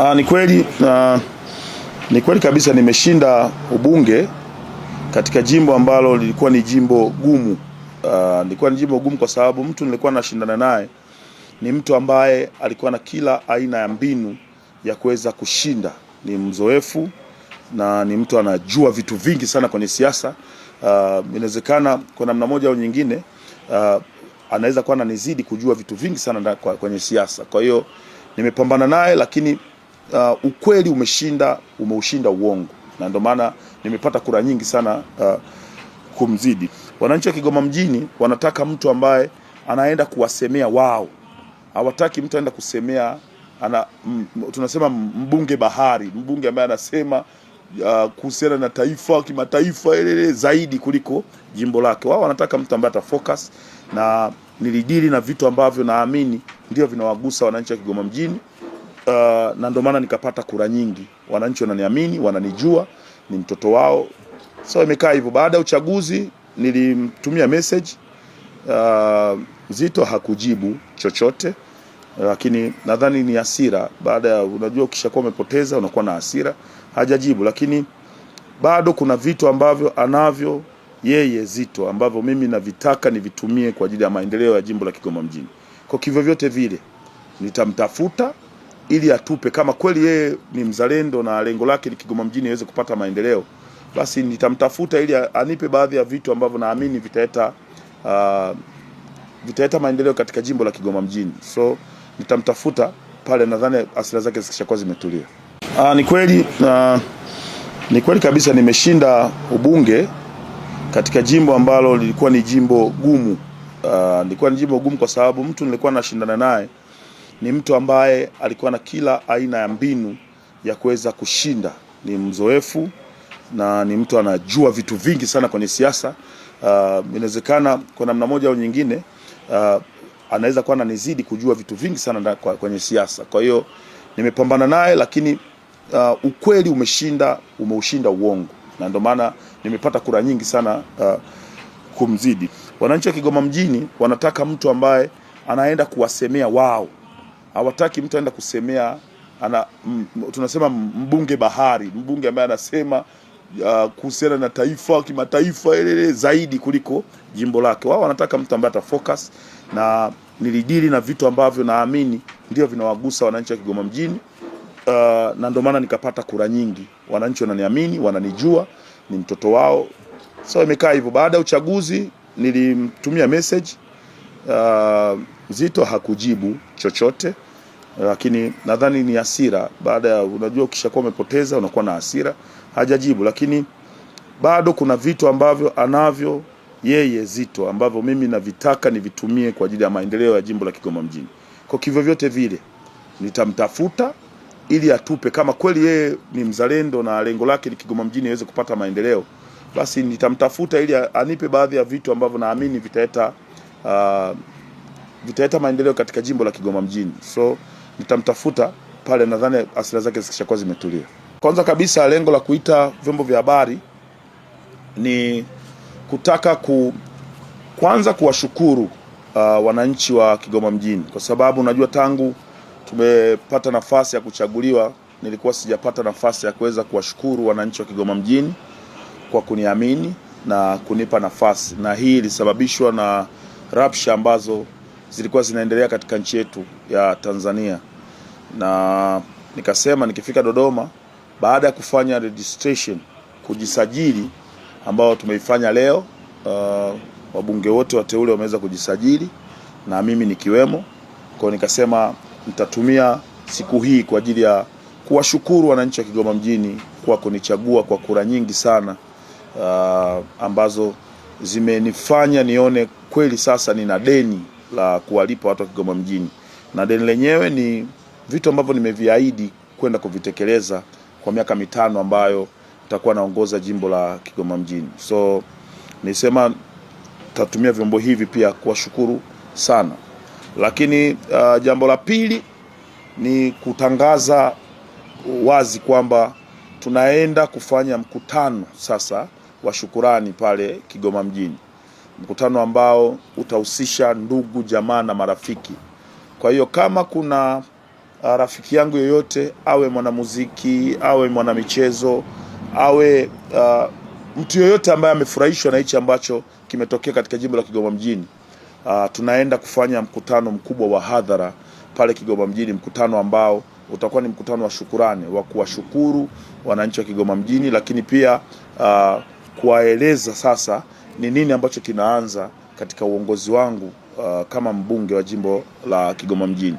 Aa, ah, ni kweli na ni kweli kabisa nimeshinda ubunge katika jimbo ambalo lilikuwa ni jimbo gumu. Aa, ah, ni jimbo gumu kwa sababu mtu nilikuwa nashindana naye ni mtu ambaye alikuwa na kila aina ya mbinu ya kuweza kushinda. Ni mzoefu na ni mtu anajua vitu vingi sana kwenye siasa. Ah, inawezekana kwa namna moja au nyingine aa, anaweza kuwa ananizidi kujua vitu vingi sana kwenye siasa. Kwa hiyo nimepambana naye, lakini uh, ukweli umeshinda umeushinda uongo, na ndio maana nimepata kura nyingi sana uh, kumzidi. Wananchi wa Kigoma mjini wanataka mtu ambaye anaenda kuwasemea wao, hawataki mtu aenda kusemea ana, m, tunasema mbunge bahari, mbunge ambaye anasema uh, kuhusiana na taifa kimataifa ile zaidi kuliko jimbo lake. Wao wanataka mtu ambaye atafocus na nilidili na vitu ambavyo naamini ndio vinawagusa wananchi wa Kigoma mjini uh, na ndio maana nikapata kura nyingi. Wananchi wananiamini, wananijua, ni mtoto wao. So imekaa hivyo. Baada ya uchaguzi nilimtumia message uh, Zito hakujibu chochote, lakini nadhani ni hasira. Baada ya unajua, ukishakuwa umepoteza unakuwa na hasira. Hajajibu, lakini bado kuna vitu ambavyo anavyo yeye Zito ambavyo mimi navitaka nivitumie kwa ajili ya maendeleo ya jimbo la Kigoma mjini. Kwa kivyo vyote vile nitamtafuta ili atupe kama kweli yeye ni mzalendo na lengo lake ni Kigoma mjini aweze kupata maendeleo, basi nitamtafuta ili anipe baadhi ya vitu ambavyo naamini vitaleta uh, vitaleta maendeleo katika jimbo la Kigoma mjini. So nitamtafuta pale, nadhani asira zake zikishakuwa zimetulia. Uh, ni kweli uh, ni kweli kabisa nimeshinda ubunge katika jimbo ambalo lilikuwa ni jimbo gumu. Uh, lilikuwa ni jimbo gumu kwa sababu mtu nilikuwa nashindana naye ni mtu ambaye alikuwa na kila aina ya mbinu ya kuweza kushinda. Ni mzoefu na ni mtu anajua vitu vingi sana kwenye siasa. Uh, inawezekana kwa namna moja au nyingine uh, anaweza kuwa ananizidi kujua vitu vingi sana kwenye siasa. Kwa hiyo nimepambana naye, lakini uh, ukweli umeshinda, umeushinda uongo, na ndio maana nimepata kura nyingi sana uh, kumzidi. Wananchi wa Kigoma mjini wanataka mtu ambaye anaenda kuwasemea wao hawataki mtu aenda kusemea ana, m, tunasema mbunge bahari, mbunge ambaye anasema uh, kuhusiana na taifa kimataifa ile zaidi kuliko jimbo lake. Wao wanataka mtu ambaye focus na nilidili na vitu ambavyo naamini ndio vinawagusa wananchi wa Kigoma mjini. Uh, na ndio maana nikapata kura nyingi. Wananchi wananiamini, wananijua, ni mtoto wao. So imekaa hivyo. Baada ya uchaguzi nilimtumia message uh, Zito hakujibu chochote, lakini nadhani ni hasira. Baada ya unajua, ukishakuwa umepoteza unakuwa na hasira, hajajibu. Lakini bado kuna vitu ambavyo anavyo yeye Zito ambavyo mimi navitaka nivitumie kwa ajili ya maendeleo ya jimbo la Kigoma mjini. Kwa kivyo vyote vile nitamtafuta ili atupe, kama kweli yeye ni mzalendo na lengo lake ni Kigoma mjini iweze kupata maendeleo, basi nitamtafuta ili anipe baadhi ya vitu ambavyo naamini vitaleta uh, vitaleta maendeleo katika jimbo la Kigoma mjini. So nitamtafuta pale, nadhani asira zake zikishakuwa zimetulia. Kwanza kabisa, lengo la kuita vyombo vya habari ni kutaka ku kwanza kuwashukuru uh, wananchi wa Kigoma mjini kwa sababu unajua tangu tumepata nafasi ya kuchaguliwa nilikuwa sijapata nafasi ya kuweza kuwashukuru wananchi wa Kigoma mjini kwa kuniamini na kunipa nafasi, na hii ilisababishwa na rapsha ambazo zilikuwa zinaendelea katika nchi yetu ya Tanzania, na nikasema nikifika Dodoma baada ya kufanya registration kujisajili, ambao tumeifanya leo. Uh, wabunge wote wateule wameweza kujisajili na mimi nikiwemo, kwa nikasema nitatumia siku hii kwa ajili ya kuwashukuru wananchi wa Kigoma mjini kwa kunichagua kwa kura nyingi sana uh, ambazo zimenifanya nione kweli sasa nina deni la kuwalipa watu wa Kigoma mjini, na deni lenyewe ni vitu ambavyo nimeviahidi kwenda kuvitekeleza kwa miaka mitano ambayo nitakuwa naongoza jimbo la Kigoma mjini. So nisema tatumia vyombo hivi pia kuwashukuru sana, lakini uh, jambo la pili ni kutangaza wazi kwamba tunaenda kufanya mkutano sasa wa shukurani pale Kigoma mjini, mkutano ambao utahusisha ndugu jamaa na marafiki. Kwa hiyo kama kuna ah, rafiki yangu yoyote, awe mwanamuziki, awe mwanamichezo, awe uh, mtu yoyote ambaye amefurahishwa na hichi ambacho kimetokea katika jimbo la Kigoma mjini, uh, tunaenda kufanya mkutano mkubwa wa hadhara pale Kigoma mjini, mkutano ambao utakuwa ni mkutano wa shukurani wa kuwashukuru wananchi wa Kigoma mjini, lakini pia uh, kuwaeleza sasa ni nini ambacho kinaanza katika uongozi wangu uh, kama mbunge wa jimbo la Kigoma mjini.